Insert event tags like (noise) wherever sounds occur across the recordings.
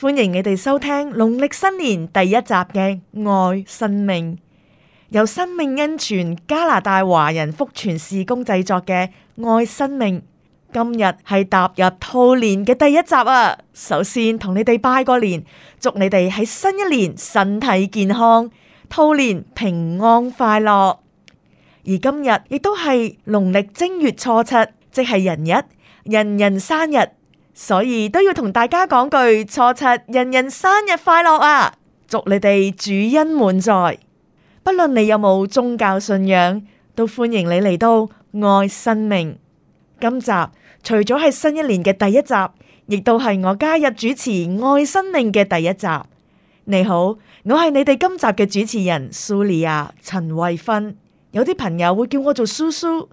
歡迎你哋收聽農曆新年第一集嘅愛生命，由生命恩泉加拿大華人福傳事工製作嘅愛生命。今日係踏入兔年嘅第一集啊！首先同你哋拜個年，祝你哋喺新一年身體健康，兔年平安快樂。而今日亦都係農曆正月初七，即係人日，人人生日。所以都要同大家講句，錯七人人生日快樂啊！祝你哋主恩滿載，不論你有冇宗教信仰，都歡迎你嚟到愛生命。今集除咗係新一年嘅第一集，亦都係我加入主持愛生命嘅第一集。你好，我係你哋今集嘅主持人蘇莉亞陳慧芬。有啲朋友會叫我做叔叔，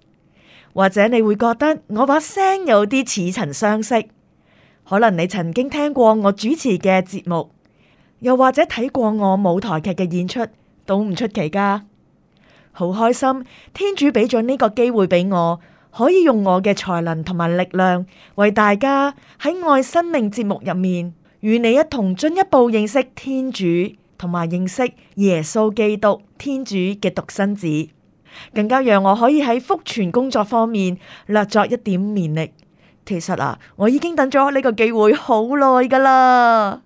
或者你會覺得我把聲有啲似曾相識。可能你曾經聽過我主持嘅節目，又或者睇過我舞台劇嘅演出，都唔出奇㗎。好開心，天主俾咗呢個機會俾我，可以用我嘅才能同埋力量，為大家喺愛生命節目入面與你一同進一步認識天主同埋認識耶穌基督，天主嘅獨生子，更加讓我可以喺福傳工作方面略作一點勉力。其實啊，我已經等咗呢個機會好耐噶啦。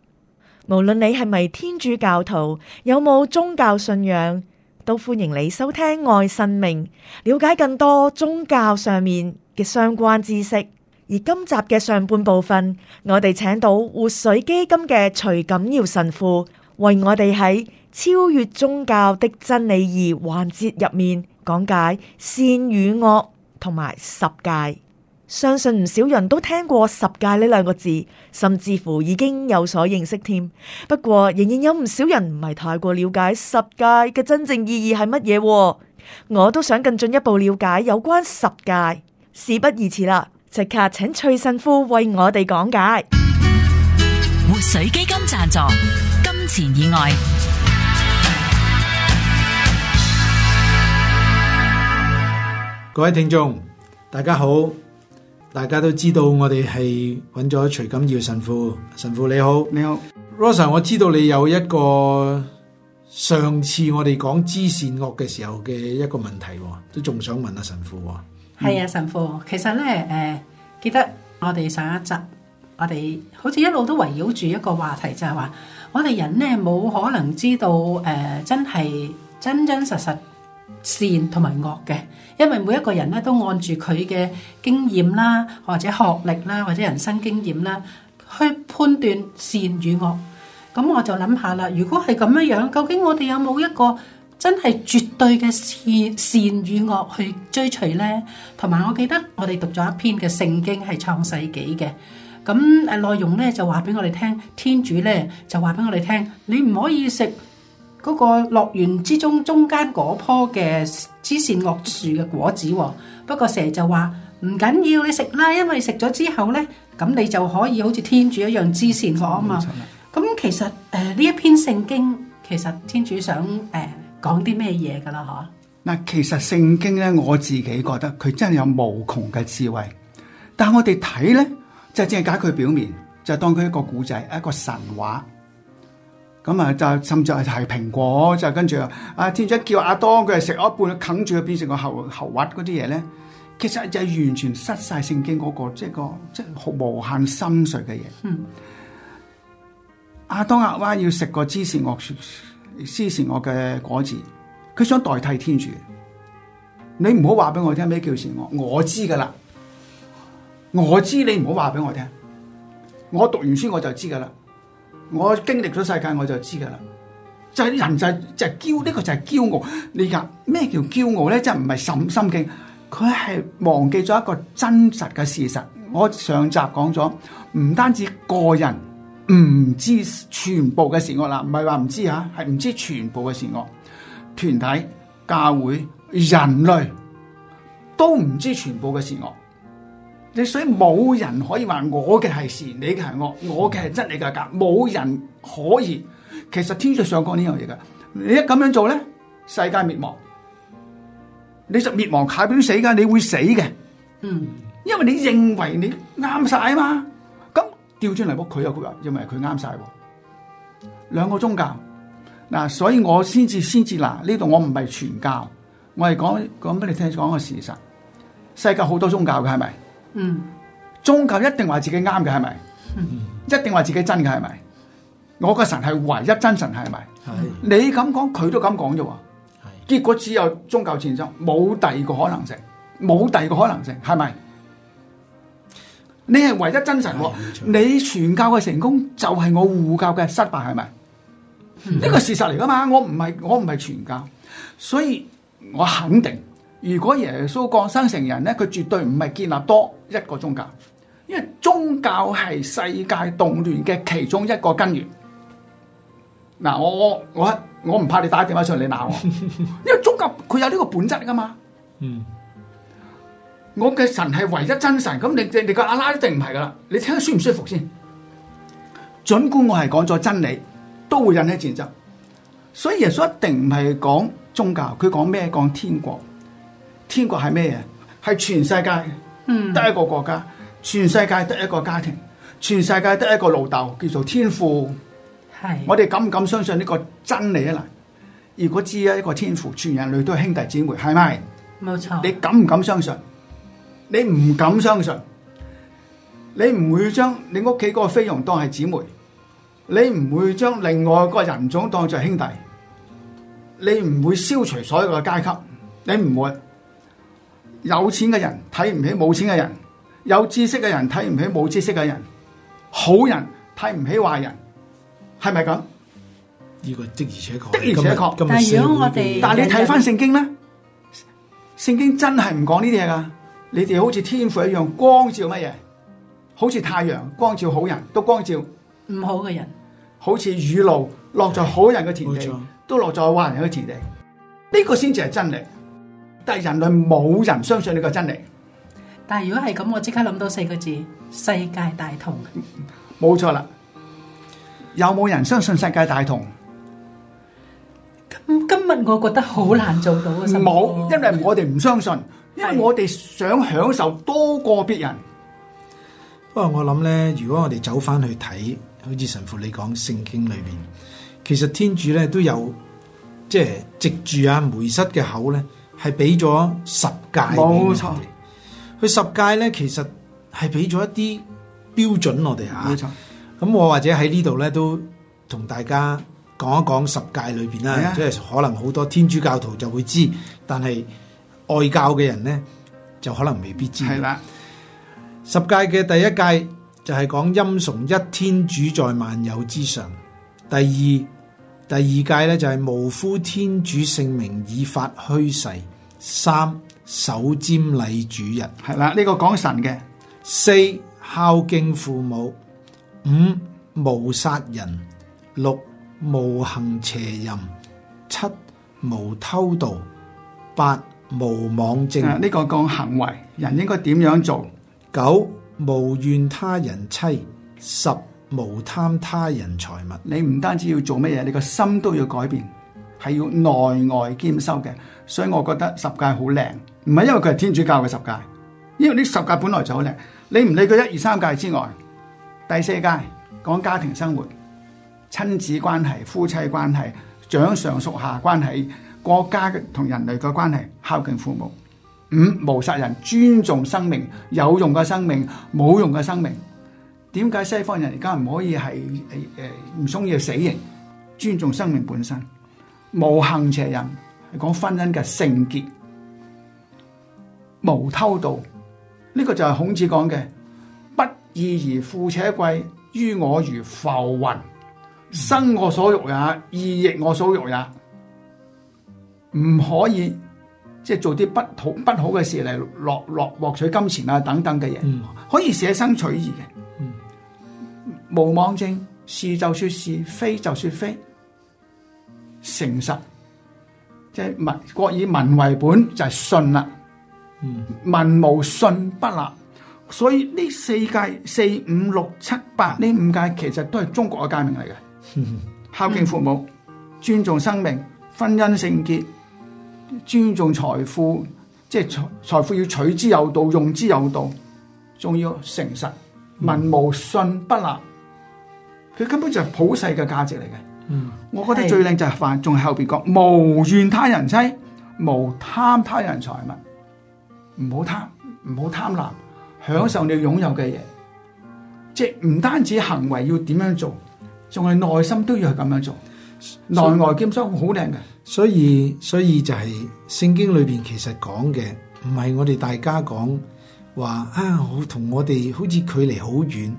無論你係咪天主教徒，有冇宗教信仰，都歡迎你收聽愛生命，了解更多宗教上面嘅相關知識。而今集嘅上半部分，我哋請到活水基金嘅徐錦堯神父，為我哋喺超越宗教的真理二環節入面講解善與惡同埋十戒。相信唔少人都聽過十戒呢兩個字，甚至乎已經有所認識添。不過仍然有唔少人唔係太過了解十戒嘅真正意義係乜嘢。我都想更進一步了解有關十戒。事不宜遲啦，即刻請徐神父為我哋講解。活水基金贊助，金錢以外。各位聽眾，大家好。大家都知道我哋係揾咗徐錦耀神父，神父你好，你好 Rosa，我知道你有一個上次我哋講知善惡嘅時候嘅一個問題，都仲想問下、啊、神父。係、嗯、啊，神父，其實呢，誒、呃，記得我哋上一集，我哋好似一路都圍繞住一個話題就，就係話我哋人呢冇可能知道，誒、呃，真係真真實實。善同埋惡嘅，因為每一個人咧都按住佢嘅經驗啦，或者學歷啦，或者人生經驗啦去判斷善與惡。咁我就諗下啦，如果係咁樣樣，究竟我哋有冇一個真係絕對嘅善善與惡去追隨呢？同埋，我記得我哋讀咗一篇嘅聖經係創世紀嘅，咁誒內容咧就話俾我哋聽，天主咧就話俾我哋聽，你唔可以食。嗰、那個樂園之中中間嗰棵嘅知善惡樹嘅果子喎、哦，不過蛇就話唔緊要你食啦，因為食咗之後咧，咁你就可以好似天主一樣知善惡啊嘛。咁、嗯、其實誒呢、呃、一篇聖經其實天主想誒、呃、講啲咩嘢噶啦嚇？嗱，其實聖經咧我自己覺得佢真係有無窮嘅智慧，但係我哋睇咧就淨係解佢表面，就當佢一個故仔，一個神話。咁啊，就甚至係蘋果，就跟住啊，天主叫阿當佢食一半，啃住變成個喉猴核嗰啲嘢咧，其實就完全失晒聖經嗰、那個即係、就是、個即係、就是、無限深邃嘅嘢。阿當阿娃要食個知善惡知善惡嘅果子，佢想代替天主。你唔好話俾我聽咩叫善惡，我知噶啦，我知，你唔好話俾我聽，我讀完書我就知噶啦。我經歷咗世界，我就知噶啦，就係、是、人就係、是、就係、是、驕，呢、這個就係驕傲。你講咩叫驕傲咧？即係唔係審心境，佢係忘記咗一個真實嘅事實。我上集講咗，唔單止個人唔知全部嘅善惡啦，唔係話唔知吓，係唔知全部嘅善惡。團體、教會、人類都唔知全部嘅善惡。你所以冇人可以話我嘅係善，你嘅係惡，我嘅係真理嘅格，冇人可以。其實天主上講呢樣嘢㗎，你一咁樣做咧，世界滅亡，你就滅亡，下邊死噶，你會死嘅。嗯，因為你認為你啱晒啊嘛，咁調轉嚟撲佢又話認為佢啱晒。兩個宗教嗱，所以我先至先至嗱，呢度我唔係傳教，我係講講俾你聽講個事實。世界好多宗教㗎係咪？是不是嗯，宗教一定話自己啱嘅係咪？一定話自己真嘅係咪？我個神係唯一真神係咪？係你咁講，佢都咁講啫。係結果只有宗教戰爭，冇第二個可能性，冇第二個可能性係咪？你係唯一真神，是你傳教嘅成功就係我護教嘅失敗係咪？呢個、嗯、事實嚟噶嘛？我唔係我唔係傳教，所以我肯定。如果耶穌降生成人咧，佢絕對唔係建立多一個宗教，因為宗教係世界動亂嘅其中一個根源。嗱，我我我我唔怕你打電話上嚟鬧我， (laughs) 因為宗教佢有呢個本質噶嘛。嗯， (laughs) 我嘅神係唯一真神，咁你你個阿拉一定唔係噶啦，你聽下舒唔舒服先？盡管我係講咗真理，都會引起戰爭，所以耶穌一定唔係講宗教，佢講咩？講天國。天國係咩嘢？係全世界，得一個國家；全世界得一個家庭；全世界得一個老豆，叫做天父。係，我哋敢唔敢相信呢個真理啊？嗱，如果知啊，一個天父，全人類都係兄弟姊妹，係咪？冇錯。你敢唔敢相信？你唔敢相信，你唔會將你屋企嗰個菲傭當係姊妹，你唔會將另外嗰個人種當作兄弟，你唔會消除所有嘅階級，你唔會。有錢嘅人睇唔起冇錢嘅人，有知識嘅人睇唔起冇知識嘅人，好人睇唔起壞人，係咪咁？呢個的而且確的而且確，但係如果我哋，但係你睇返聖經咧，聖經真係唔講呢啲嘢㗎！你哋好似天父一樣，光照乜嘢？好似太陽光照好人，都光照唔好嘅人；好似雨露落在好人嘅田地，都落在壞人嘅田地。呢個先至係真理。但係人類冇人相信呢個真理。但係如果係咁，我即刻諗到四個字：世界大同。冇錯啦，有冇人相信世界大同？今,今日我覺得好難做到啊！冇、嗯，因為我哋唔相信，因為我哋想享受多過別人的。不過我諗咧，如果我哋走翻去睇，好似神父你講聖經裏邊，其實天主咧都有，即係藉住啊梅瑟嘅口咧。係俾咗十誡，冇錯。佢十誡咧，其實係俾咗一啲標準我哋吓。冇錯。咁我或者喺呢度咧，都同大家講一講十誡裏邊啦，啊。即係可能好多天主教徒，就會知，但係外教嘅人咧，就可能未必知。係啦。十誡嘅第一誡就係講，欽崇一天主在萬有之上。第二。第二屆咧就係無呼天主聖名以發虛誓，三守占禮主日。係啦，呢個講神嘅；四孝敬父母，五無殺人，六無行邪淫，七無偷盜，八無妄證。呢個講行為，人應該點樣做？九無怨他人妻，十。無貪他人財物，你唔單止要做乜嘢，你個心都要改變，係要內外兼修嘅。所以我覺得十戒好靚，唔係因為佢係天主教嘅十戒，因為呢十戒本來就好靚。你唔理佢一、二、三戒之外，第四戒講家庭生活、親子關係、夫妻關係、長上屬下關係、國家同人類嘅關係、孝敬父母。五、無殺人，尊重生命，有用嘅生命，冇用嘅生命。點解西方人而家唔可以係誒誒唔中意死刑？尊重生命本身，無幸邪淫係講婚姻嘅聖潔，無偷盜。呢、這個就係孔子講嘅不義而富且貴，於我如浮雲。生我所欲也，義亦我所欲也，唔可以即係做啲不好不好嘅事嚟落落獲取金錢啊等等嘅嘢，嗯，可以捨生取義嘅。毋妄證，是就說是，非就說非，誠實，即係民國以民為本就係、信啦、嗯，民無信不立。所以呢四誡四五六七八呢五誡其實都係中國嘅誡命嚟嘅。孝、嗯、敬父母、嗯，尊重生命，婚姻聖潔，尊重財富，即係財富要取之有道，用之有道，仲要誠實，民無信不立。嗯佢根本就係普世嘅價值嚟嘅、嗯，我覺得最靚就係凡仲係後邊講，無怨他人妻，無貪他人財物，唔好貪，唔好貪婪，享受你擁有嘅嘢、嗯，即係唔單止行為要點樣做，仲係內心都要係咁樣做，內外兼修好靚嘅。所以所以就係聖經裏邊其實講嘅，唔係我哋大家講。話啊，我同我哋好似距離好遠，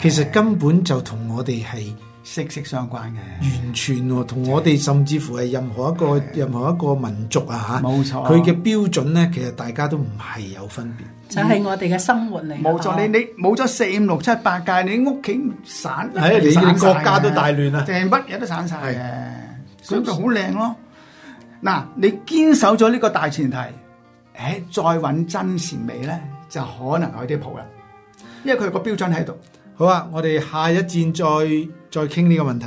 其實根本就同我哋係息息相關嘅，完全同我哋甚至乎係任何一個任何一個民族啊嚇，冇錯。佢嘅標準咧，其實大家都唔係有分別，就係我哋嘅生活嚟。冇錯，你你冇咗四五六七八屆，你屋企散，係，你國家都大亂啦，淨係乜嘢都散曬嘅，咁就好靚咯。嗱，你堅守咗呢個大前提，誒，再揾真善美咧？就可能有啲譜嘞，因為佢有個標準喺度。好啊，我哋下一站再再傾呢個問題。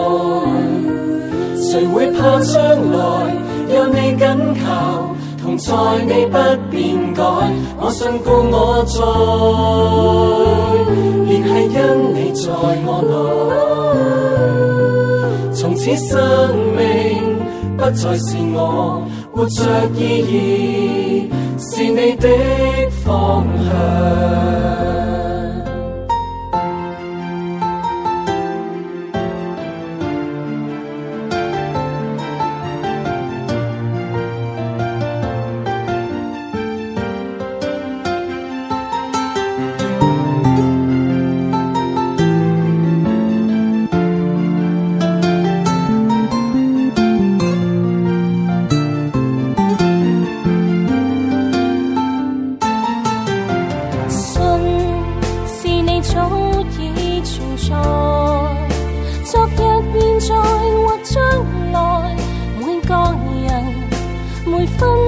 誰會怕將來？有你緊靠，同在你不變改。我信故我在，連繫因你在我內。從此生命不再是我，活着意義是你的方向。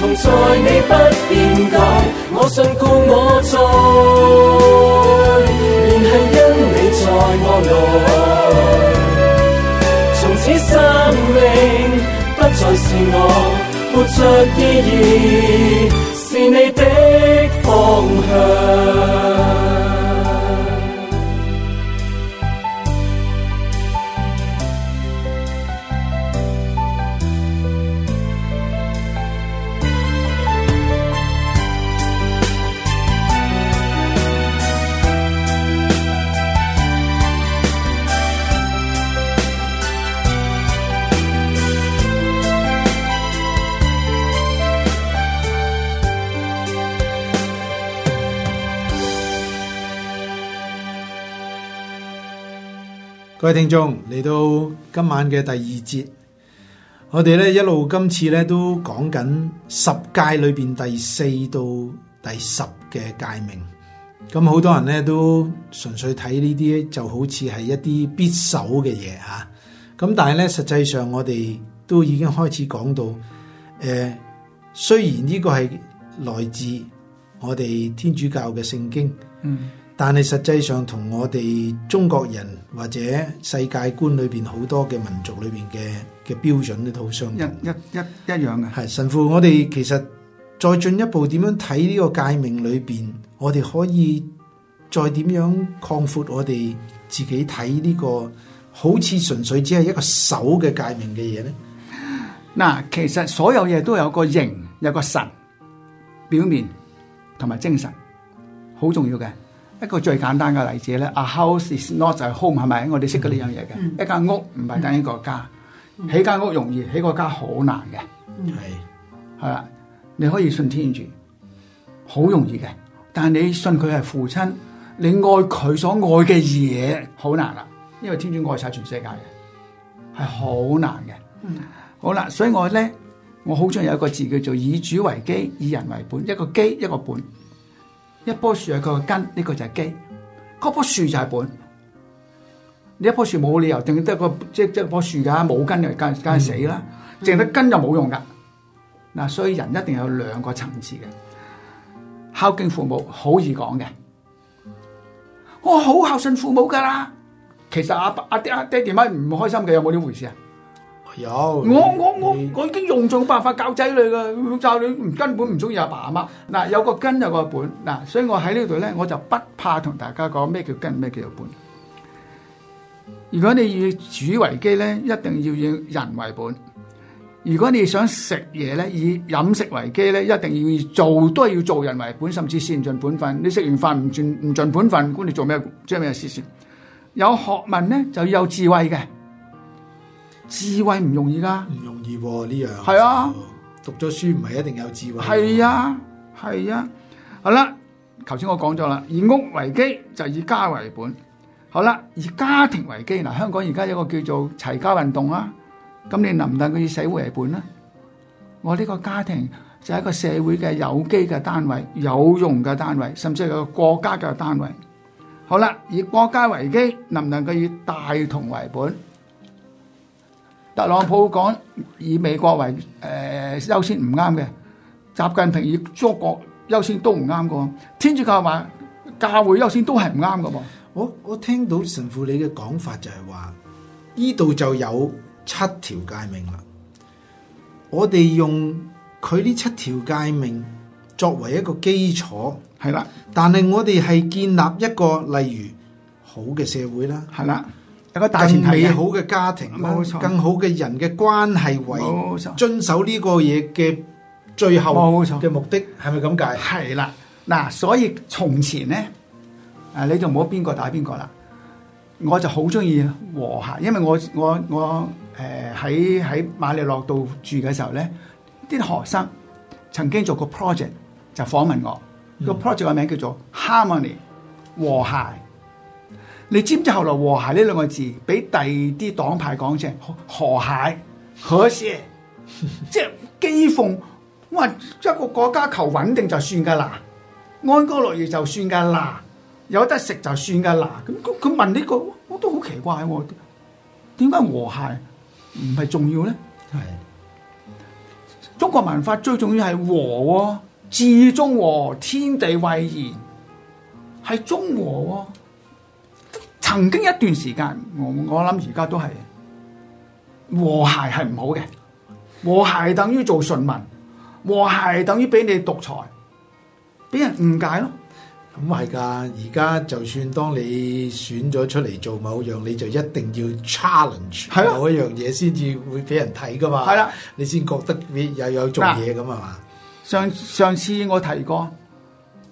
同在你不變改，我信故我在，原來因你在我內。從此生命不再是我，活着意義是你的方向。各位聽眾嚟到今晚嘅第二節，我哋咧一路今次咧都講緊十誡裏邊第四到第十嘅誡命，咁好多人咧都純粹睇呢啲就好似係一啲必守嘅嘢吓，咁、啊、但係咧實際上我哋都已經開始講到，誒、呃、雖然呢個係來自我哋天主教嘅聖經，嗯。但係實際上同我哋中國人或者世界觀裏邊好多嘅民族裏邊嘅嘅標準都好相同，一一一一樣嘅。係神父，我哋其實再進一步點樣睇呢個誡命裏邊，我哋可以再點樣擴闊我哋自己睇呢、這個好似純粹只係一個守嘅誡命嘅嘢咧？嗱，其實所有嘢都有個形，有個神，表面同埋精神，好重要嘅。一個最簡單嘅例子咧，A house is not a home 係咪？我哋識過嘅呢樣嘢嘅，一間屋唔係等於個家，起、嗯、間、嗯、屋容易，起個家好難嘅。係係啦，你可以信天主，好容易嘅。但係你信佢係父親，你愛佢所愛嘅嘢，好難啦。因為天主愛晒全世界嘅，係好難嘅、嗯。好啦，所以我咧，我好中意有一個字叫做以主為基，以人為本，一個基一個本。一樖樹啊，佢個根呢個就係基，嗰樖樹就係本。你一樖樹冇理由淨得個即係即係樖樹噶，冇根就梗，梗係死啦。淨、嗯、得根就冇用噶。嗱、嗯，所以人一定有兩個層次嘅。孝敬父母好易講嘅，我好孝順父母噶啦。其實阿阿爹阿爹哋媽唔開心嘅有冇呢回事啊？有、哎、我我我我已經用盡辦法教仔女噶，教女根本唔中意阿爸阿媽。嗱，有個根有個本嗱，所以我喺呢度咧，我就不怕同大家講咩叫根咩叫本。如果你以主為基咧，一定要以人為本。如果你想食嘢咧，以飲食為基咧，一定要做都係要做人為本，甚至先盡本分。你食完飯唔盡唔盡本分，管你做咩做咩事先。有學問咧就要有智慧嘅。智慧唔容易噶，唔容易呢、啊、樣。係啊，讀咗書唔係一定有智慧。係啊，係啊，啊。好啦，頭先我講咗啦，以屋為基就以家為本。好啦，以家庭為基，嗱，香港而家有一個叫做齊家運動啊。咁你能唔能夠以社會為本咧？我呢個家庭就係一個社會嘅有機嘅單位、有用嘅單位，甚至係個國家嘅單位。好啦，以國家為基，能唔能夠以大同為本？特朗普講以美國為誒優先唔啱嘅，習近平以中國優先都唔啱嘅。天主教話教會優先都係唔啱嘅喎。我我聽到神父你嘅講法就係話，呢度就有七條誡命啦。我哋用佢呢七條誡命作為一個基礎，係啦。但係我哋係建立一個例如好嘅社會啦，係啦。大前提更美好嘅家庭，冇錯更好嘅人嘅關係，為遵守呢個嘢嘅最後冇錯嘅目的，係咪咁解？係啦，嗱，所以從前咧，誒，你就冇邊個打邊個啦。我就好中意和諧，因為我我我誒喺喺瑪利諾度住嘅時候咧，啲學生曾經做過 project 就訪問我，個 project 嘅名叫做 Harmony 和諧。你知唔知後來和諧呢兩個字俾第二啲黨派講成和諧可惜， (laughs) 即係譏諷。我話一個國家求穩定就算噶啦，安居樂業就算噶啦，有得食就算噶啦。咁佢佢問呢個，我都好奇怪哦，點解和諧唔係重要咧？係中國文化最重要係和哦，至中和天地為然，係中和。天地曾經一段時間，我我諗而家都係和諧係唔好嘅，和諧等於做順民，和諧等於俾你獨裁，俾人誤解咯。咁係噶，而家就算當你選咗出嚟做某樣，你就一定要 challenge 某一樣嘢，先至會俾人睇噶嘛。係啦、啊，你先覺得你又有做嘢咁啊嘛。啊上上次我提過，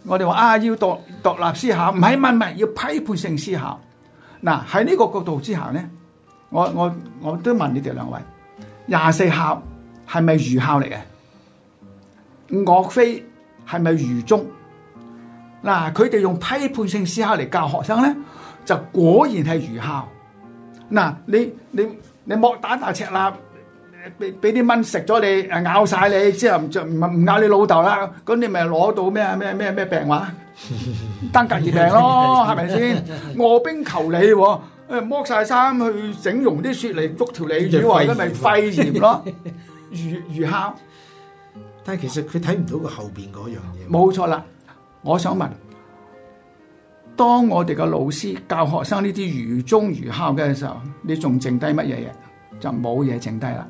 我哋話啊，要獨獨立思考，唔係唔係要批判性思考。嗱，喺呢個角度之下咧，我我我都問你哋兩位，廿四孝係咪愚孝嚟嘅？岳飛係咪愚忠？嗱、啊，佢哋用批判性思考嚟教學生咧，就果然係愚孝。嗱、啊，你你你莫打大赤蠻，俾俾啲蚊食咗你，誒咬晒你，之後唔唔唔咬你老豆啦，咁你咪攞到咩咩咩咩病話、啊？單隔熱病咯，係咪先卧冰求鯉喎？誒，剝晒衫去整溶啲雪嚟捉條鯉魚，或者咪肺炎咯？愚，愚孝，但係其實佢睇唔到佢後邊嗰樣嘢。冇錯啦，我想問，當我哋嘅老師教學生呢啲愚忠愚孝嘅時候，你仲剩低乜嘢嘢？就冇嘢剩低啦。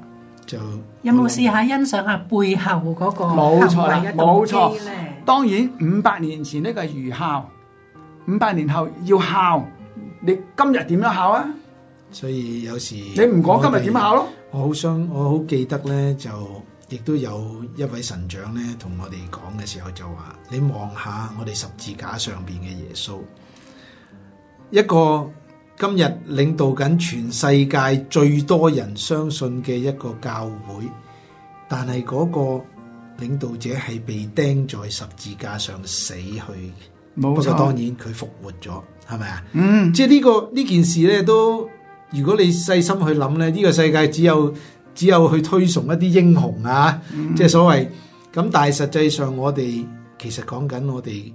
就有冇試下欣賞下背後嗰個行為動機咧？冇錯，當然，五百年前呢個係愚孝，五百年後要孝，你今日點樣孝啊、嗯？所以有時你唔講今日點孝咯？我好想，我好記得咧，就亦都有一位神長咧，同我哋講嘅時候就話：，你望下我哋十字架上邊嘅耶穌，一個。今日領導緊全世界最多人相信嘅一個教會，但係嗰個領導者係被釘在十字架上死去。冇錯，不過當然佢復活咗，係咪啊？嗯，即係呢個呢件事咧，都如果你細心去諗咧，呢個世界只有只有去推崇一啲英雄啊，嗯、即係所謂咁。但係實際上我哋其實講緊我哋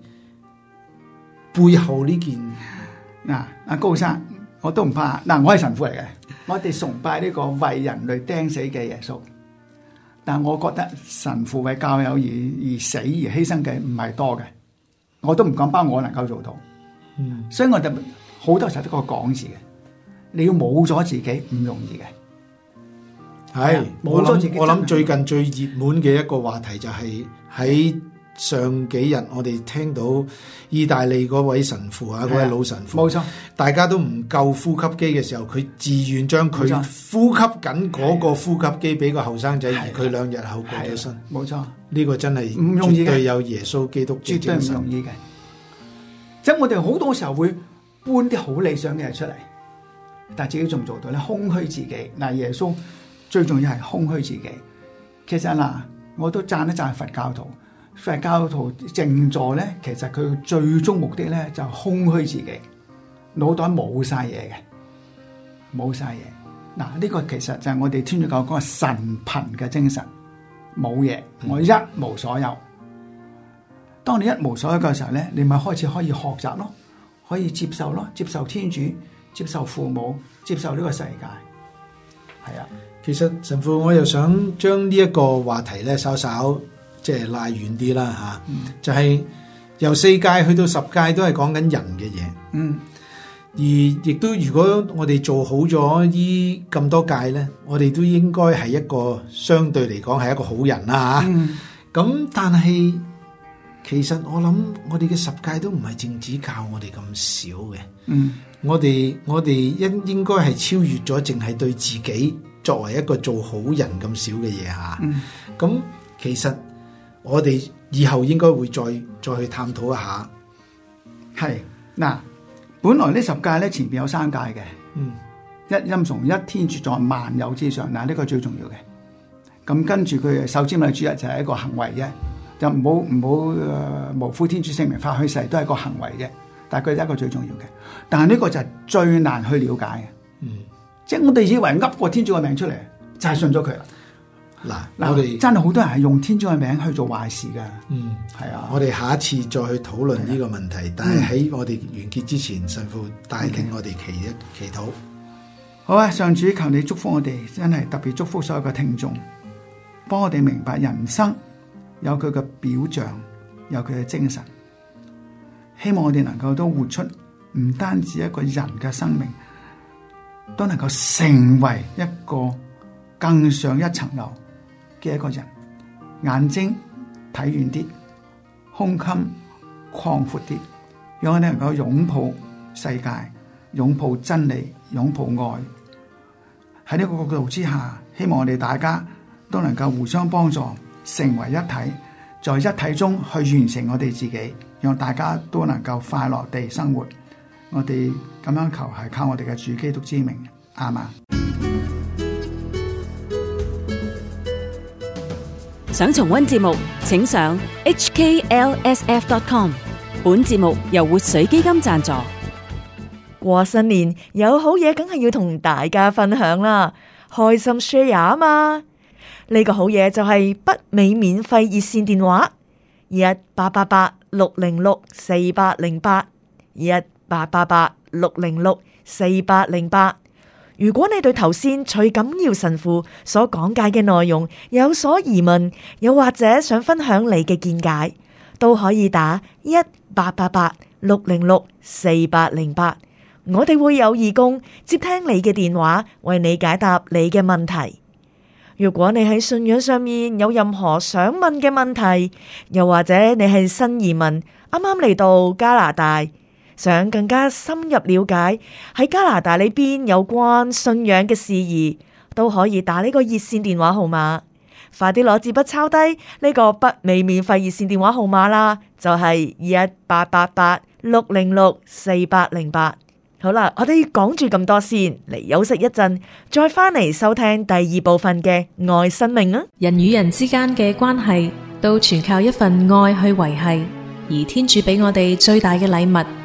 背後呢件。嗱，阿高生，我都唔怕。嗱，我係神父嚟嘅，我哋崇拜呢個為人類釘死嘅耶穌。但係我覺得神父為教友而而死而犧牲嘅唔係多嘅，我都唔敢包我能夠做到。嗯，所以我就好多時候都係講字嘅，你要冇咗自己唔容易嘅。係，冇咗自己。我諗最近最熱門嘅一個話題就係喺。上幾日我哋聽到意大利嗰位神父啊，嗰位老神父，冇錯，大家都唔夠呼吸機嘅時候，佢自願將佢呼吸緊嗰個呼吸機俾個後生仔，而佢兩日後過咗身。冇錯，呢個真係唔容易，有耶穌基督絕對唔容易嘅。咁我哋好多時候會搬啲好理想嘅嘢出嚟，但係自己做唔做到咧？空虛自己嗱，耶穌最重要係空虛自己。其實嗱，我都讚一讚佛教徒。佛教徒靜坐咧，其實佢最終目的咧就係空虛自己，腦袋冇晒嘢嘅，冇晒嘢。嗱、這、呢個其實就係我哋天主教講嘅神貧嘅精神，冇嘢，我一無所有。嗯、當你一無所有嘅時候咧，你咪開始可以學習咯，可以接受咯，接受天主，接受父母，接受呢個世界。係啊，其實神父，我又想將呢一個話題咧，稍稍。即係拉遠啲啦嚇，就係由四界去到十界都係講緊人嘅嘢。嗯，而亦都如果我哋做好咗呢咁多界呢，我哋都應該係一個相對嚟講係一個好人啦嚇。咁，嗯，但係其實我諗我哋嘅十界都唔係淨止教我哋咁少嘅。嗯，我哋我哋應應該係超越咗，淨係對自己作為一個做好人咁少嘅嘢嚇。咁，嗯，其實。我哋以後應該會再再去探討一下。係嗱，本來這十呢十誡咧前邊有三誡嘅，嗯，欽崇一天主在萬有之上嗱，呢，這個最重要嘅。咁跟住佢守瞻禮主日就係一個行為啫，就冇冇毋呼天主聖名發虛誓都係個行為啫。但係佢一個最重要嘅，但係呢個就係最難去了解嘅。嗯，即係我哋以為噏個天主個命出嚟，就係、是，信咗佢啦。嗱，我哋真係好多人係用天主嘅名去做壞事噶。嗯，係啊。我哋下一次再去討論呢個問題，是但係喺我哋完結之前，神父帶領我哋祈一祈禱。好啊，上主，求你祝福我哋，真係特別祝福所有嘅聽眾，幫我哋明白人生有佢嘅表象，有佢嘅精神。希望我哋能夠都活出唔單止一個人嘅生命，都能夠成為一個更上一層樓嘅一個人，眼睛睇遠啲，胸襟擴闊啲，讓我哋能夠擁抱世界，擁抱真理，擁抱愛。喺呢個角度之下，希望我哋大家都能夠互相幫助，成為一體，在一體中去完成我哋自己，讓大家都能夠快樂地生活。我哋咁樣求係靠我哋嘅主基督之名，啱嘛？想重溫節目，請上 hklsf.com。本節目由活水基金贊助。過新年有好嘢，梗係要同大家分享啦，開心 share 啊嘛！呢個好嘢就係北美免費熱線電話一八八八六零六四八零八一八八八六零六四八零八。如果你對頭先徐錦耀神父所講解嘅內容有所疑問，又或者想分享你嘅見解，都可以打一八八八六零六四八零八，我哋會有義工接聽你嘅電話，為你解答你嘅問題。如果你喺信仰上面有任何想問嘅問題，又或者你係新移民，啱啱嚟到加拿大，想更加深入了解喺加拿大呢邊有關信仰嘅事宜，都可以打呢個熱線電話號碼。快啲攞支筆抄低呢個北美免費熱線電話號碼啦，就係一八八八六零六四八零八。好啦，我哋講住咁多先，嚟休息一陣，再翻嚟收聽第二部分嘅愛生命啊。人與人之間嘅關係都全靠一份愛去維繫，而天主俾我哋最大嘅禮物。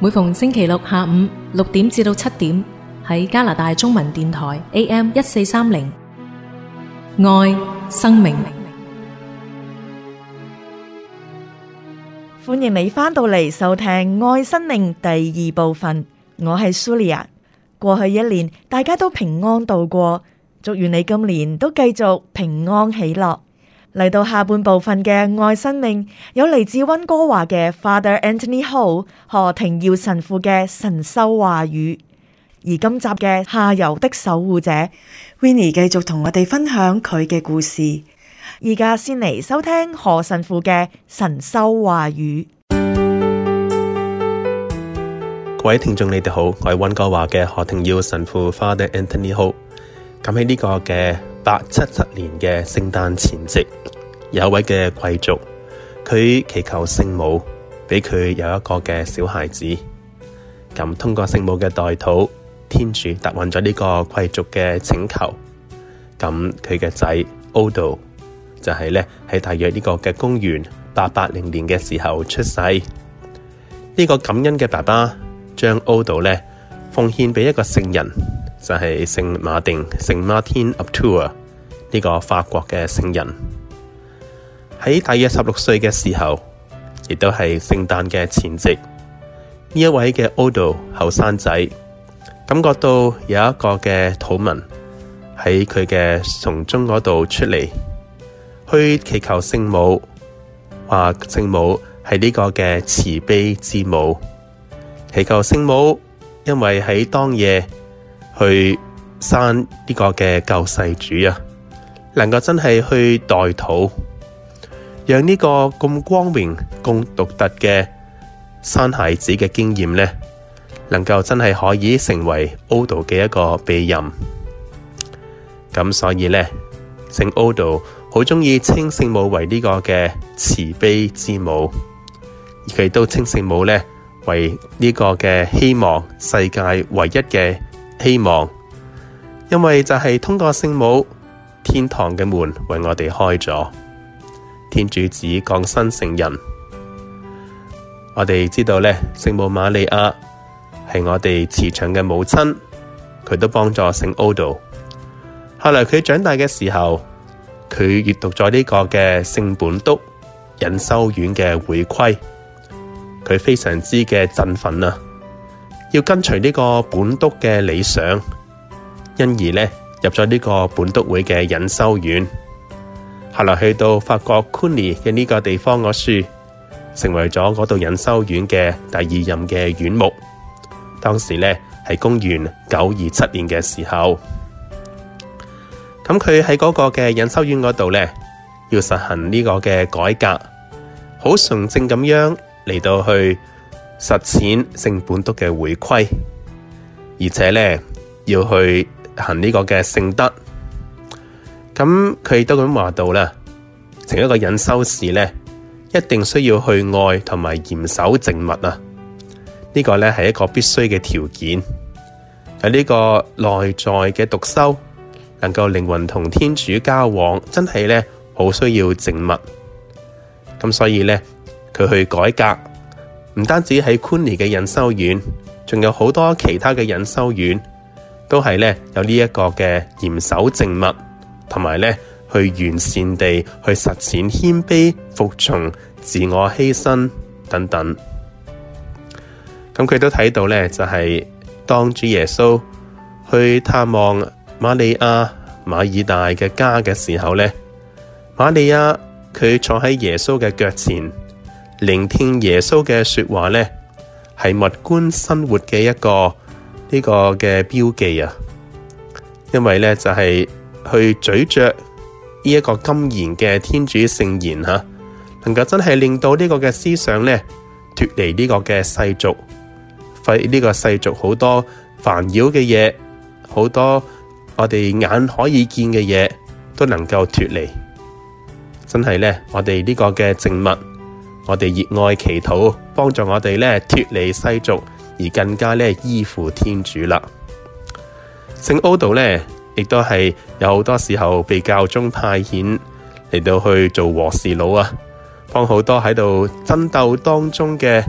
每逢星期六下午六點至到七點，喺加拿大中文電台 AM 一四三零，愛生命。歡迎你返到嚟收聽《愛生命》第二部分，我係 Sulian。過去一年大家都平安度過，祝願你今年都繼續平安喜樂。嚟到下半部分嘅愛生命，有嚟自溫哥華嘅 Father Anthony Ho 何庭耀神父嘅神修話語。而今集嘅下游的守護者 Winnie 繼續同我哋分享佢嘅故事。而家先嚟收聽何神父嘅神修話語。各位聽眾，你哋好，我係溫哥華嘅何庭耀神父 Father Anthony Ho。咁喺呢個嘅。八七七年嘅聖誕前夕，有位嘅貴族，佢祈求聖母俾佢有一個嘅小孩子。咁通過聖母嘅代禱，天主答允咗呢個貴族嘅請求。咁佢嘅仔奧道就係咧喺大約呢個嘅公元八八零年嘅時候出世。呢、這個感恩嘅爸爸將奧道咧奉獻俾一個聖人。就係、是、聖馬丁聖 Martin of Tours 呢個法國嘅聖人。喺大約十六歲嘅時候，亦都係聖誕嘅前夕。呢一位嘅 o 奧道後生仔感覺到有一個嘅土民喺佢嘅從中嗰度出嚟，去祈求聖母，話聖母係呢個嘅慈悲之母，祈求聖母，因為喺當夜。去生呢個嘅救世主啊，能夠真係去代土，讓呢個咁光明、咁獨特嘅生孩子嘅經驗咧，能夠真係可以成為 Odo 嘅一個庇任。咁所以咧，聖 Odo 好中意稱聖母為呢個嘅慈悲之母，而佢亦都稱聖母咧為呢個嘅希望世界唯一嘅。希望，因為就是通過聖母天堂的門為我們開了。天主子降生成人，我們知道咧，聖母瑪利亞是我們慈祥的母親，佢都幫助聖奧多。後來佢長大的時候，佢閱讀了這個嘅聖本篤隱修院嘅會規，佢非常之嘅振奮啊！要跟隨呢個本篤嘅理想，因而咧入咗呢個本篤會嘅隱修院，後來去到法國 Coni 嘅呢個地方個書，成為咗嗰度隱修院嘅第二任嘅院牧。當時呢係公元九二七年嘅時候，咁佢喺嗰個嘅隱修院嗰度呢，要實行呢個嘅改革，好純正咁樣嚟到去。實踐聖本篤嘅回歸，而且咧要去行呢個嘅聖德。咁佢都咁話到啦，成一個隱修士咧，一定需要去愛同埋嚴守靜默啊。這個、呢個咧係一個必須嘅條件。喺呢個內在嘅獨修，能夠靈魂同天主交往，真係咧好需要靜默。咁所以咧，佢去改革。唔單止喺昆尼嘅隱修院，仲有好多其他嘅隱修院，都係咧有呢一個嘅嚴守靜默，同埋咧去完善地去實踐謙卑、服從、自我犧牲等等。咁佢都睇到咧，就係、是、當主耶穌去探望瑪利亞、馬爾大嘅家嘅時候咧，瑪利亞佢坐喺耶穌嘅腳前。聆聽耶穌嘅說話咧，係物觀生活嘅一個呢、這個嘅標記啊。因為咧就係、是、去咀嚼呢一個金言嘅天主聖言吓，能夠真係令到呢個嘅思想咧脫離呢個嘅世俗，廢、這、呢個世俗好多煩擾嘅嘢，好多我哋眼可以見嘅嘢都能夠脫離。真係咧，我哋呢個嘅靜默。我哋熱愛祈禱，幫助我哋咧脫離世俗，而更加咧依附天主啦。聖奧度咧，亦都係有好多時候被教宗派遣嚟到去做和事佬啊，幫好多喺度爭鬥當中嘅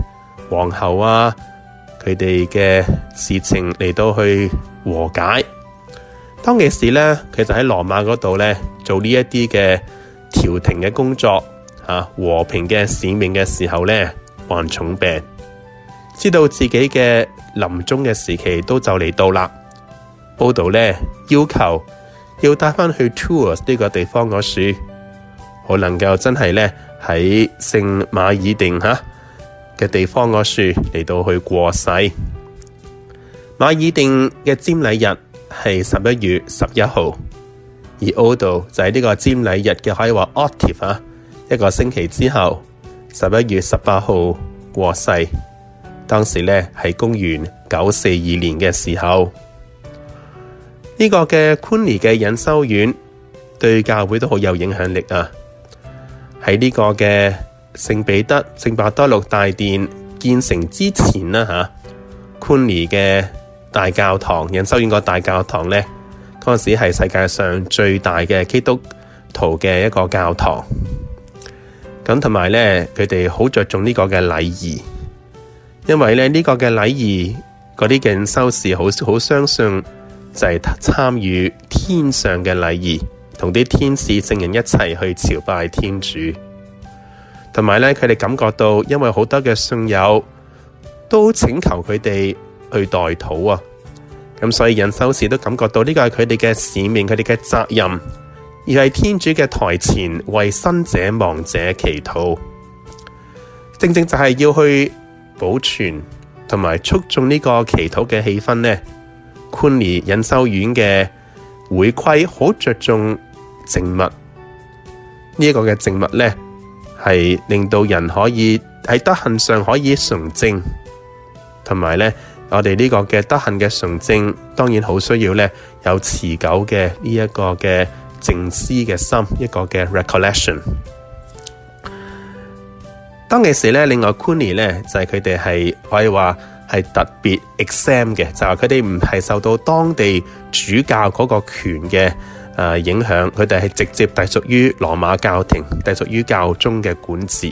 皇后啊，佢哋嘅事情嚟到去和解。當其時咧，佢就喺羅馬嗰度咧做呢一啲嘅調停嘅工作。啊，和平嘅使命嘅時候咧，患重病，知道自己嘅臨終嘅時期都就嚟到啦。奧道咧要求要帶翻去 Tours 呢個地方個樹，可能夠真係咧喺聖馬爾定吓嘅地方個樹嚟到去過世。馬爾定嘅瞻禮日係十一月十一號，而奧道就喺呢個瞻禮日嘅可以話 Octave 啊。一個星期之後，十一月十八號過世。當時咧係公元九四二年嘅時候，呢個嘅昆尼嘅隱修院對教會都好有影響力啊。喺呢個嘅聖彼得聖伯多禄大殿建成之前啦，吓昆尼嘅大教堂隱修院個大教堂咧，嗰陣時係世界上最大嘅基督徒嘅一個教堂。咁同埋咧，佢哋好着重呢個嘅禮儀，因為咧呢個嘅禮儀，嗰啲嘅修士好好相信就係參與天上嘅禮儀，同啲天使聖人一齊去朝拜天主。同埋咧，佢哋感覺到，因為好多嘅信友都請求佢哋去代禱啊，咁所以隱修士都感覺到呢個係佢哋嘅使命，佢哋嘅責任。而係天主嘅台前，為生者亡者祈禱，正正就係要去保存同埋促進呢個祈禱嘅氣氛咧。寬尼引修院嘅會規好着重靜物、這個、呢一個嘅靜物咧，係令到人可以喺德行上可以純正，同埋咧，我哋呢個嘅德行嘅純正，當然好需要咧有持久嘅呢一個嘅。靜思嘅心，一個嘅 recollection。當其時咧，另外 Kuny 咧就係佢哋係可以話係特別 exempt 嘅，就係佢哋唔係受到當地主教嗰個權嘅誒、呃、影響，佢哋係直接隸屬於羅馬教廷，隸屬於教宗嘅管治，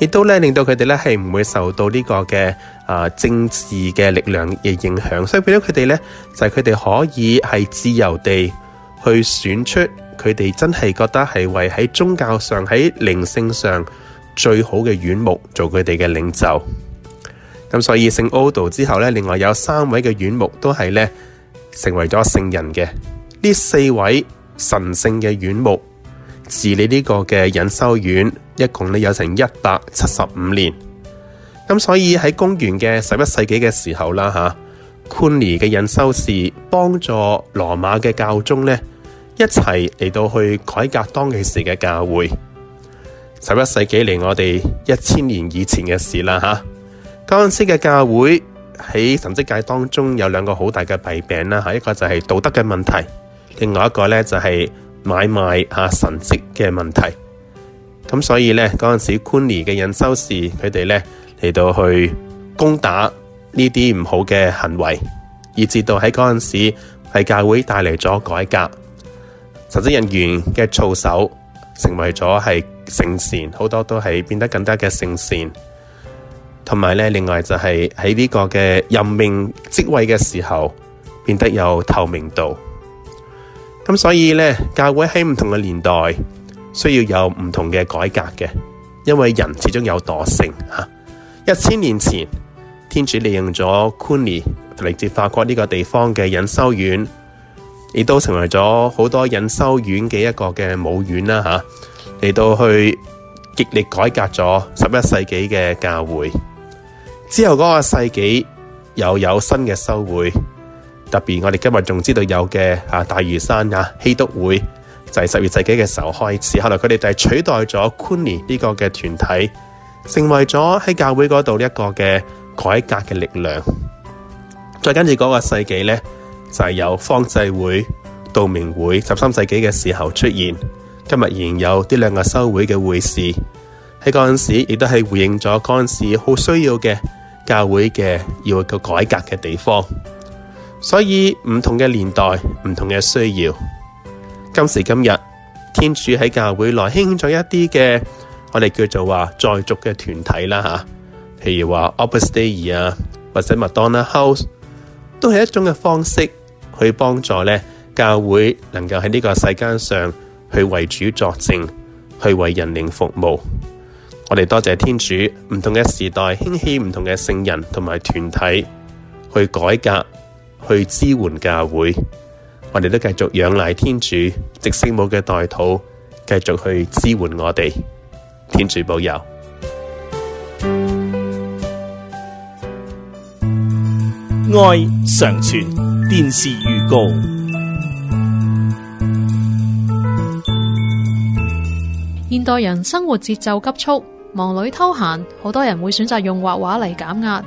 亦都咧令到佢哋咧係唔會受到呢個嘅誒、呃、政治嘅力量嘅影響，所以俾咗佢哋咧就係佢哋可以係自由地。去選出佢哋真係覺得係為喺宗教上、喺靈性上最好嘅院牧做佢哋嘅領袖。咁所以聖奧道之後呢，另外有三位嘅院牧都係呢，成為咗聖人嘅，呢四位神聖嘅院牧，治理呢個嘅隱修院，一共咧有成一百七十五年。咁所以喺公元嘅十一世紀嘅時候啦，吓。昆尼嘅引修士，幫助羅馬嘅教宗咧，一齊嚟到去改革當其時嘅教會。十一世紀嚟我哋一千年以前嘅事啦，吓嗰陣時嘅教會喺神職界當中有兩個好大嘅弊病啦，吓一個就係道德嘅問題，另外一個咧就係、是、買賣啊神職嘅問題。咁所以咧嗰陣時昆尼嘅引修士，佢哋咧嚟到去攻打。呢啲唔好嘅行為，以至到喺嗰陣時，係教會帶嚟咗改革，神職人員嘅操守成為咗係聖善，好多都係變得更加嘅聖善。同埋咧，另外就係喺呢個嘅任命職位嘅時候，變得有透明度。咁所以呢，教會喺唔同嘅年代，需要有唔同嘅改革嘅，因為人始終有惰性吓。一千年前。天主利用咗昆尼嚟自法國呢個地方嘅隱修院，亦都成為咗好多隱修院嘅一個嘅母院啦。嚇、啊、嚟到去極力改革咗十一世紀嘅教會之後，嗰個世紀又有新嘅修會，特別我哋今日仲知道有嘅啊大嶼山啊希督會，就係、是、十二世紀嘅時候開始。後來佢哋就取代咗昆尼呢個嘅團體，成為咗喺教會嗰度呢一個嘅。改革嘅力量，再跟住嗰個世紀咧，就係由方濟會、道明會，十三世紀嘅時候出現。今日仍有呢兩個修會嘅會士喺嗰陣時，亦都係回應咗嗰陣時好需要嘅教會嘅要個改革嘅地方。所以唔同嘅年代，唔同嘅需要。今時今日，天主喺教會內興咗一啲嘅，我哋叫做話在俗嘅團體啦，吓。譬如話 Opera Stay 啊，Oppositeia，或者麥當娜 House，都係一種嘅方式去幫助咧教會能夠喺呢個世間上去為主作證，去為人靈服務。我哋多謝天主，唔同嘅時代興起唔同嘅聖人同埋團體去改革，去支援教會。我哋都繼續仰賴天主直聖母嘅代禱，繼續去支援我哋。天主保佑。愛常傳電視預告。現代人生活節奏急促，忙裏偷閒，好多人會選擇用畫畫嚟減壓。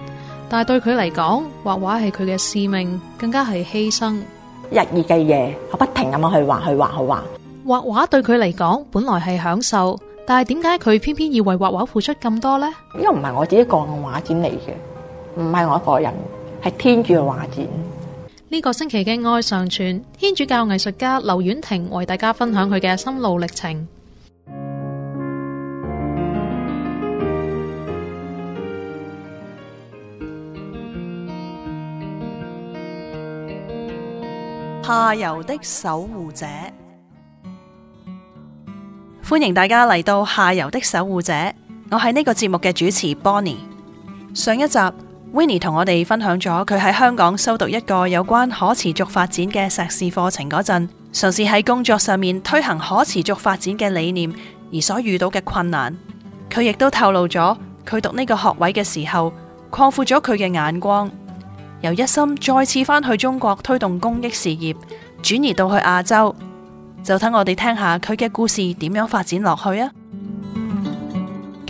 但係對佢嚟講，畫畫係佢嘅使命，更加係犧牲。日以繼夜，我不停咁去畫，去畫，去畫。畫畫對佢嚟講，本來係享受，但係點解佢偏偏要為畫畫付出咁多呢？呢個唔係我自己個人畫展嚟嘅，唔係我個人。係天主嘅畫展。呢個星期嘅愛上傳，天主教藝術家劉婉婷為大家分享佢嘅心路歷程。下游的守護者，歡迎大家嚟到下游的守護者。我係呢個節目嘅主持 Bonnie。上一集。Winnie 同我哋分享咗佢喺香港修讀一個有關可持續發展嘅碩士課程嗰陣，嘗試喺工作上面推行可持續發展嘅理念，而所遇到嘅困難。佢亦都透露咗佢讀呢個學位嘅時候，擴闊咗佢嘅眼光，由一心再次返去中國推動公益事業，轉移到去亞洲。就等我哋聽下佢嘅故事點樣發展落去啊！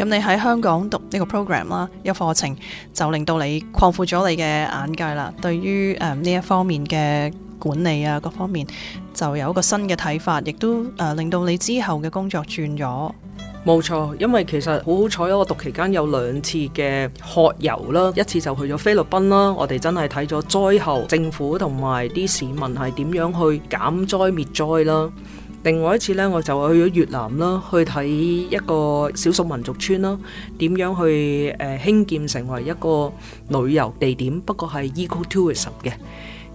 咁你喺香港讀呢個 program 啦，一課程就令到你擴闊咗你嘅眼界啦。對於誒呢、呃、一方面嘅管理啊，各方面就有一個新嘅睇法，亦都誒、呃、令到你之後嘅工作轉咗。冇錯，因為其實好好彩，我讀期間有兩次嘅學遊啦，一次就去咗菲律賓啦。我哋真係睇咗災後，政府同埋啲市民係點樣去減災滅災啦。另外一次呢，我就去咗越南啦，去睇一個少數民族村啦，點樣去誒、呃、興建成為一個旅遊地點，不過係 ecotourism 嘅。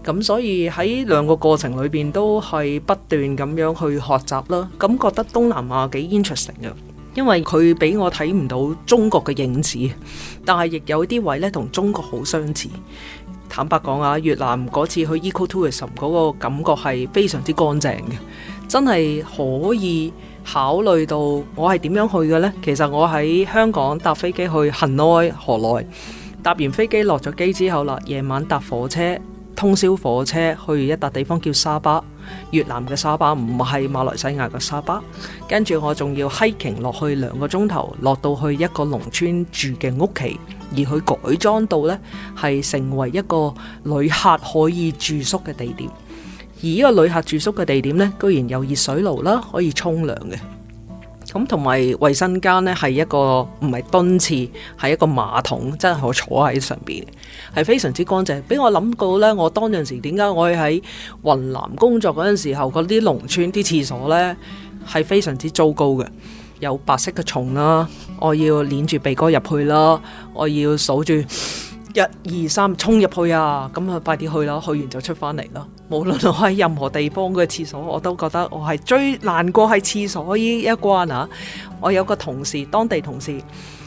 咁所以喺兩個過程裏面都係不斷咁樣去學習啦，咁覺得東南亞幾 interesting 嘅，因為佢俾我睇唔到中國嘅影子，但係亦有啲位呢同中國好相似。坦白講啊，越南嗰次去 ecotourism 嗰個感覺係非常之乾淨嘅。真係可以考慮到我係點樣去嘅呢？其實我喺香港搭飛機去 Hanoi 河內，搭完飛機落咗機之後啦，夜晚搭火車，通宵火車去一笪地方叫沙巴，越南嘅沙巴唔係馬來西亞嘅沙巴。跟住我仲要 hiking 落去兩個鐘頭，落到去一個農村住嘅屋企，而佢改裝到呢，係成為一個旅客可以住宿嘅地點。而呢個旅客住宿嘅地點呢，居然有熱水爐啦，可以沖涼嘅。咁同埋衞生間呢，係一個唔係蹲廁，係一個馬桶，真係我坐喺上邊，係非常之乾淨。俾我諗到呢，我當陣時點解我喺雲南工作嗰陣時候，嗰啲農村啲廁所呢，係非常之糟糕嘅，有白色嘅蟲啦，我要攆住鼻哥入去啦，我要數住一二三，沖入去啊！咁啊，快啲去啦，去完就出翻嚟啦。無論我喺任何地方嘅廁所，我都覺得我係最難過係廁所呢一關啊！我有個同事，當地同事，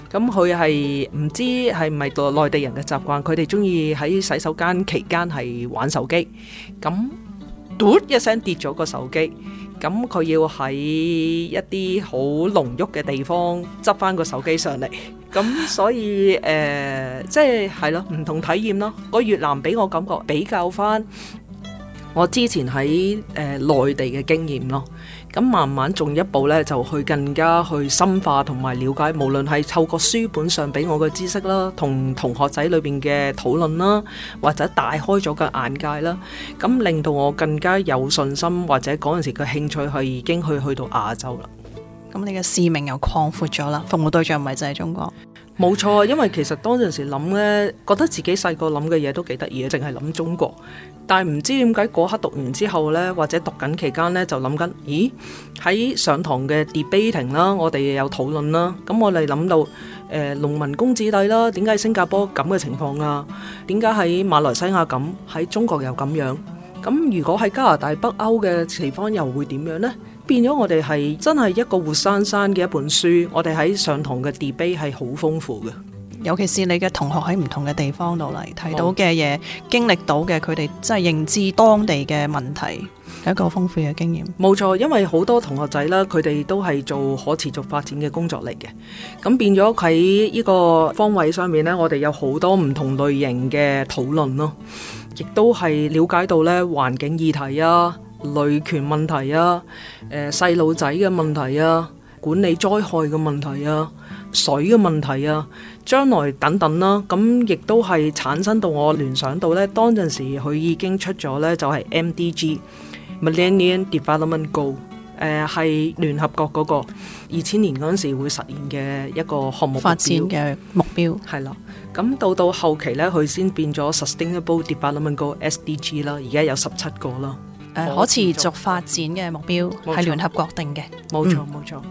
咁佢係唔知係咪內地人嘅習慣，佢哋中意喺洗手間期間係玩手機。咁嘟一聲跌咗個手機，咁佢要喺一啲好濃郁嘅地方執翻個手機上嚟。咁所以誒，即係係咯，唔同體驗咯。個越南俾我感覺比較翻。我之前喺誒、呃、內地嘅經驗咯，咁慢慢進一步咧就去更加去深化同埋了解，無論係透過書本上俾我嘅知識啦，同同學仔裏邊嘅討論啦，或者大開咗個眼界啦，咁令到我更加有信心或者嗰陣時嘅興趣係已經去去到亞洲啦。咁你嘅使命又擴闊咗啦，服務對象咪就係中國。冇錯，因為其實當陣時諗呢，覺得自己細個諗嘅嘢都幾得意啊，淨係諗中國，但係唔知點解嗰刻讀完之後呢，或者讀緊期間呢，就諗緊，咦？喺上堂嘅 debating 啦，我哋有討論啦，咁我哋諗到誒、呃、農民工子弟啦，點解新加坡咁嘅情況啊？點解喺馬來西亞咁，喺中國又咁樣？咁如果喺加拿大北歐嘅地方又會點樣呢？變咗我哋係真係一個活生生嘅一本書，我哋喺上堂嘅地碑 b 係好豐富嘅，尤其是你嘅同學喺唔同嘅地方度嚟睇到嘅嘢，經歷到嘅，佢哋真係認知當地嘅問題，係一個豐富嘅經驗。冇、嗯、錯，因為好多同學仔啦，佢哋都係做可持續發展嘅工作嚟嘅，咁變咗喺呢個方位上面呢，我哋有好多唔同類型嘅討論咯，亦都係了解到呢環境議題啊。女權問題啊，誒、呃、細路仔嘅問題啊，管理災害嘅問題啊，水嘅問題啊，將來等等啦，咁亦都係產生到我聯想到咧，當陣時佢已經出咗咧、呃，就係 MDG，Millennium Development Goal，誒係聯合國嗰個二千年嗰陣時會實現嘅一個項目,目，發展嘅目標係啦，咁到到後期咧，佢先變咗 Sustainable Development Goal SDG 啦，而家有十七個啦。可持續發展嘅目標係聯合國定嘅，冇錯冇錯。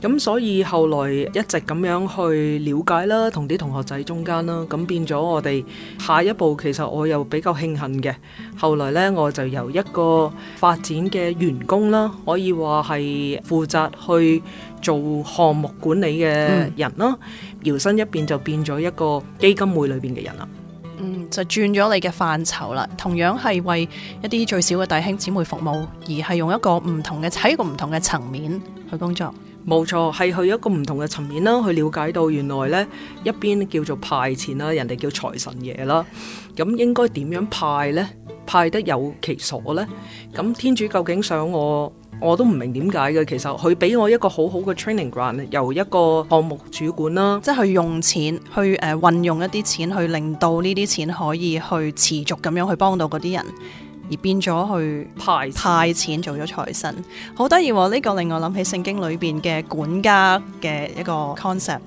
咁所以後來一直咁樣去了解啦，同啲同學仔中間啦，咁變咗我哋下一步，其實我又比較慶幸嘅。後來呢，我就由一個發展嘅員工啦，可以話係負責去做項目管理嘅人啦，搖、嗯、身一變就變咗一個基金會裏邊嘅人啦。嗯，就轉咗你嘅範疇啦，同樣係為一啲最小嘅弟兄姊妹服務，而係用一個唔同嘅，喺一個唔同嘅層面去工作。冇錯，係去一個唔同嘅層面啦，去了解到原來呢一邊叫做派錢啦，人哋叫財神爺啦，咁應該點樣派呢？派得有其所呢？咁天主究竟想我，我都唔明點解嘅。其實佢俾我一個好好嘅 training ground，由一個項目主管啦，即係去用錢去誒運用一啲錢，去令到呢啲錢可以去持續咁樣去幫到嗰啲人，而變咗去派錢派錢做咗財神，好得意喎！呢個令我諗起聖經裏面嘅管家嘅一個 concept。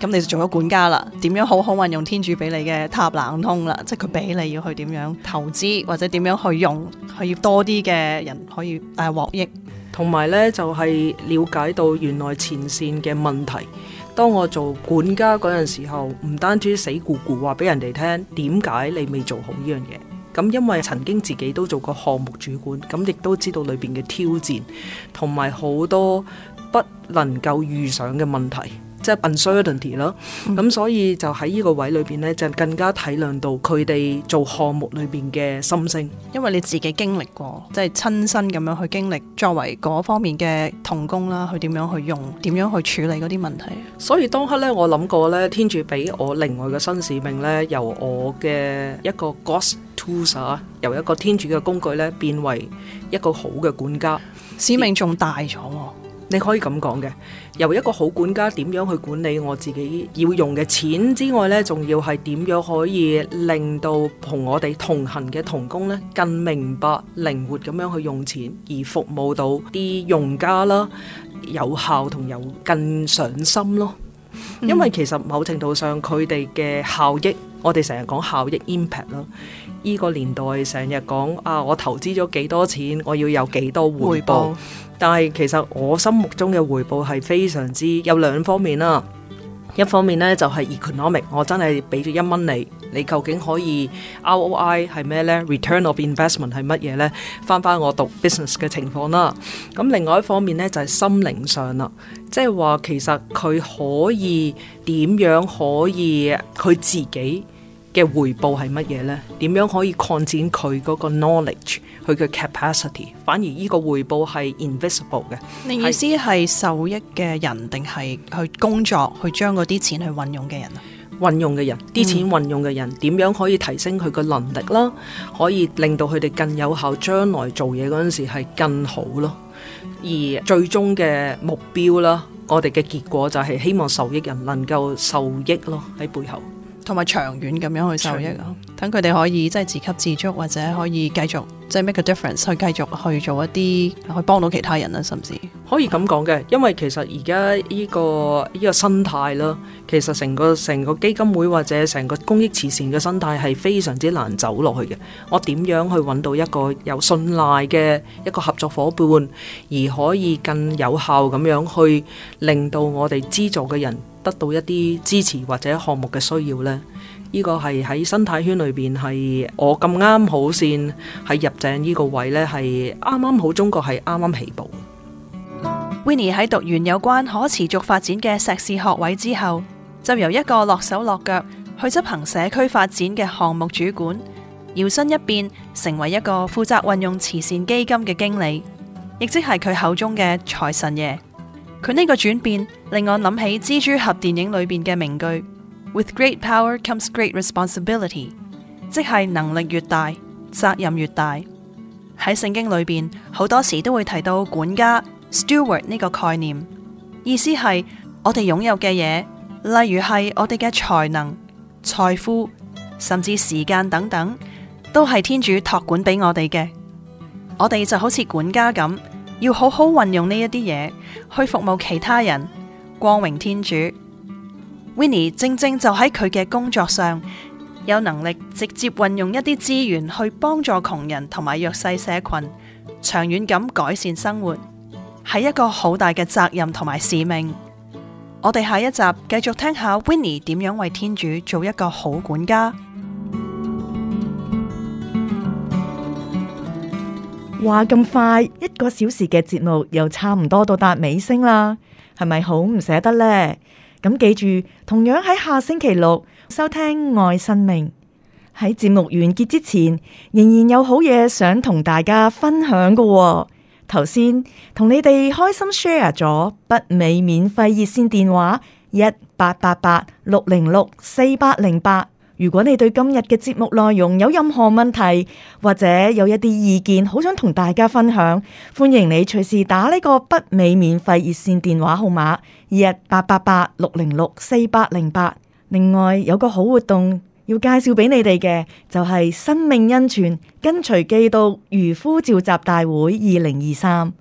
咁你就做咗管家啦，點樣好好運用天主俾你嘅塔冷通啦，即係佢俾你要去點樣投資或者點樣去用，可以多啲嘅人可以誒、啊、獲益。同埋呢，就係、是、了解到原來前綫嘅問題。當我做管家嗰陣時候，唔單止死咕咕話俾人哋聽點解你未做好呢樣嘢，咁因為曾經自己都做過項目主管，咁亦都知道裏面嘅挑戰同埋好多不能夠預想嘅問題。即係 uncertainty 咯，咁所以就喺呢個位裏邊咧，就更加體諒到佢哋做項目裏邊嘅心聲，因為你自己經歷過，即係親身咁樣去經歷，作為嗰方面嘅同工啦，去點樣去用，點樣去處理嗰啲問題。所以當刻咧，我諗過咧，天主俾我另外嘅新使命咧，由我嘅一個 Gods Tools 啊，由一個天主嘅工具咧，變為一個好嘅管家，使命仲大咗。你可以咁講嘅，由一個好管家點樣去管理我自己要用嘅錢之外呢，仲要係點樣可以令到同我哋同行嘅同工呢更明白、靈活咁樣去用錢，而服務到啲用家啦，有效同有更上心咯。因為其實某程度上，佢哋嘅效益。我哋成日講效益 impact 咯，呢個年代成日講啊，我投資咗幾多錢，我要有幾多回報。但係其實我心目中嘅回報係非常之有兩方面啦、啊。一方面呢，就係、是、economic，我真係俾咗一蚊你，你究竟可以 ROI 係咩呢？Return of investment 係乜嘢呢？翻翻我讀 business 嘅情況啦。咁另外一方面呢，就係、是、心靈上啦，即係話其實佢可以點樣可以佢自己嘅回報係乜嘢呢？點樣可以擴展佢嗰個 knowledge，佢嘅 capacity？反而呢個回報係 invisible 嘅。你意思係受益嘅人定係去工作去將嗰啲錢去運用嘅人啊？運用嘅人，啲錢運用嘅人，點、嗯、樣可以提升佢個能力啦？可以令到佢哋更有效，將來做嘢嗰陣時係更好咯。而最終嘅目標啦，我哋嘅結果就係希望受益人能夠受益咯。喺背後。同埋長遠咁樣去受益，等佢哋可以即係自給自足，或者可以繼續即係、就是、make a difference 去繼續去做一啲去幫到其他人啦，甚至可以咁講嘅。因為其實而家呢個呢、呢個生態啦，其實成個成個基金會或者成個公益慈善嘅生態係非常之難走落去嘅。我點樣去揾到一個有信賴嘅一個合作伙伴，而可以更有效咁樣去令到我哋資助嘅人。得到一啲支持或者項目嘅需要呢，呢、呢個係喺生態圈裏邊係我咁啱好先喺入正呢個位呢，係啱啱好中國係啱啱起步的。Winnie 喺讀完有關可持續發展嘅碩士學位之後，就由一個落手落腳去執行社區發展嘅項目主管，搖身一變成為一個負責運用慈善基金嘅經理，亦即係佢口中嘅財神爺。佢呢個轉變令我諗起蜘蛛俠電影裏邊嘅名句：With great power comes great responsibility，即係能力越大，責任越大。喺聖經裏邊好多時都會提到管家 steward 呢個概念，意思係我哋擁有嘅嘢，例如係我哋嘅才能、財富，甚至時間等等，都係天主託管俾我哋嘅，我哋就好似管家咁。要好好運用呢一啲嘢去服務其他人，光榮天主。Winnie 正正就喺佢嘅工作上有能力直接運用一啲資源去幫助窮人同埋弱勢社群，長遠咁改善生活，係一個好大嘅責任同埋使命。我哋下一集繼續聽下 Winnie 點樣為天主做一個好管家。話咁快，一個小時嘅節目又差唔多到達尾聲啦，係咪好唔捨得呢？咁記住，同樣喺下星期六收聽愛生命。喺節目完結之前，仍然有好嘢想同大家分享嘅喎。頭先同你哋開心 share 咗北美免費熱線電話一八八八六零六四八零八。如果你對今日嘅節目內容有任何問題，或者有一啲意見，好想同大家分享，歡迎你隨時打呢個北美免費熱線電話號碼二八八八六零六四八零八。另外有個好活動要介紹畀你哋嘅，就係、是、生命恩泉跟隨基督漁夫召集大會二零二三。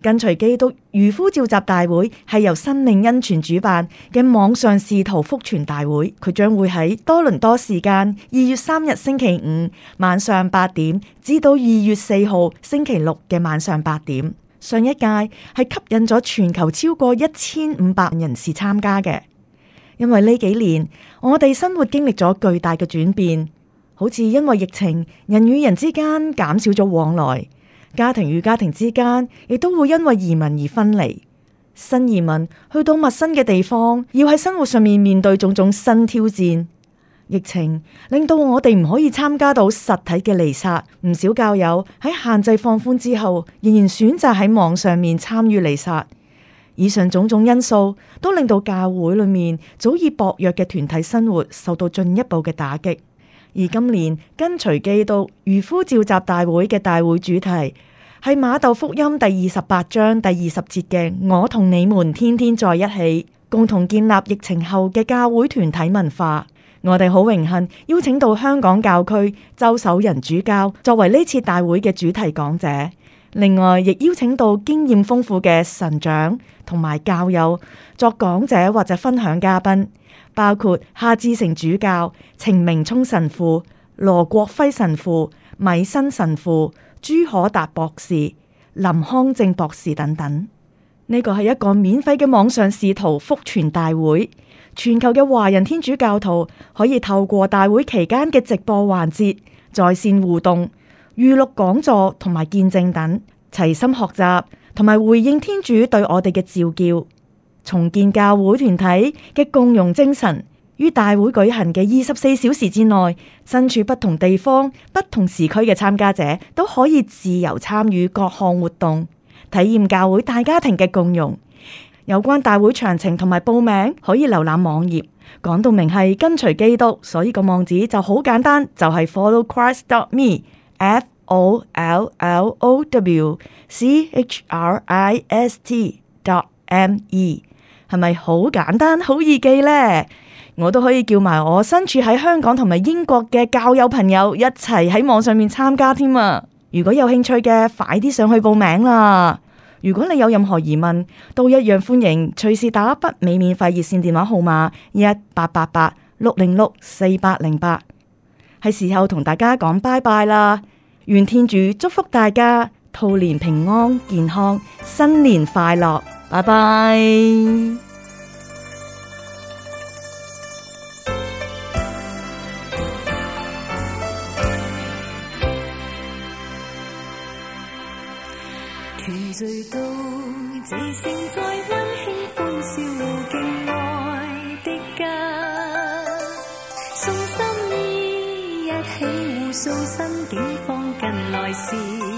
跟隨基督漁夫召集大會係由生命恩泉主辦嘅網上視圖復傳大會，佢將會喺多倫多時間二月三日星期五晚上八點至到二月四號星期六嘅晚上八點。上一屆係吸引咗全球超過一千五百人士參加嘅，因為呢幾年我哋生活經歷咗巨大嘅轉變，好似因為疫情，人與人之間減少咗往來。家庭與家庭之間，亦都會因為移民而分離。新移民去到陌生嘅地方，要喺生活上面面對種種新挑戰。疫情令到我哋唔可以參加到實體嘅彌撒，唔少教友喺限制放寬之後，仍然選擇喺網上面參與彌撒。以上種種因素，都令到教會裏面早已薄弱嘅團體生活受到進一步嘅打擊。而今年跟隨基督漁夫召集大會嘅大會主題係馬竇福音第二十八章第二十節嘅，我同你們天天在一起，共同建立疫情後嘅教會團體文化。我哋好榮幸邀請到香港教區周守仁主教作為呢次大會嘅主題講者，另外亦邀請到經驗豐富嘅神長同埋教友作講者或者分享嘉賓。包括夏志成主教、程明聰神父、羅國輝神父、米新神父、朱可達博士、林康正博士等等。呢個係一個免費嘅網上使徒福傳大會，全球嘅華人天主教徒可以透過大會期間嘅直播環節、在線互動、預錄講座同埋見證等，齊心學習同埋回應天主對我哋嘅召叫。重建教會團體嘅共融精神，於大會舉行嘅二十四小時之內，身處不同地方、不同時區嘅參加者都可以自由參與各項活動，體驗教會大家庭嘅共融。有關大會詳情同埋報名，可以瀏覽網頁。講到明係跟隨基督，所以個網址就好簡單，就係 followchrist.me。f o l l o w c h r i s t m e 係咪好簡單好易記呢？我都可以叫埋我身處喺香港同埋英國嘅教友朋友一齊喺網上面參加添啊！如果有興趣嘅，快啲上去報名啦！如果你有任何疑問，都一樣歡迎隨時打北美免費熱線電話號碼一八八八六零六四八零八。係時候同大家講拜拜啦！願天主祝福大家。兔年平安健康，新年快樂，拜拜。團聚到這城，在溫馨歡笑敬愛的家，送心意一起互訴心境，方近來時。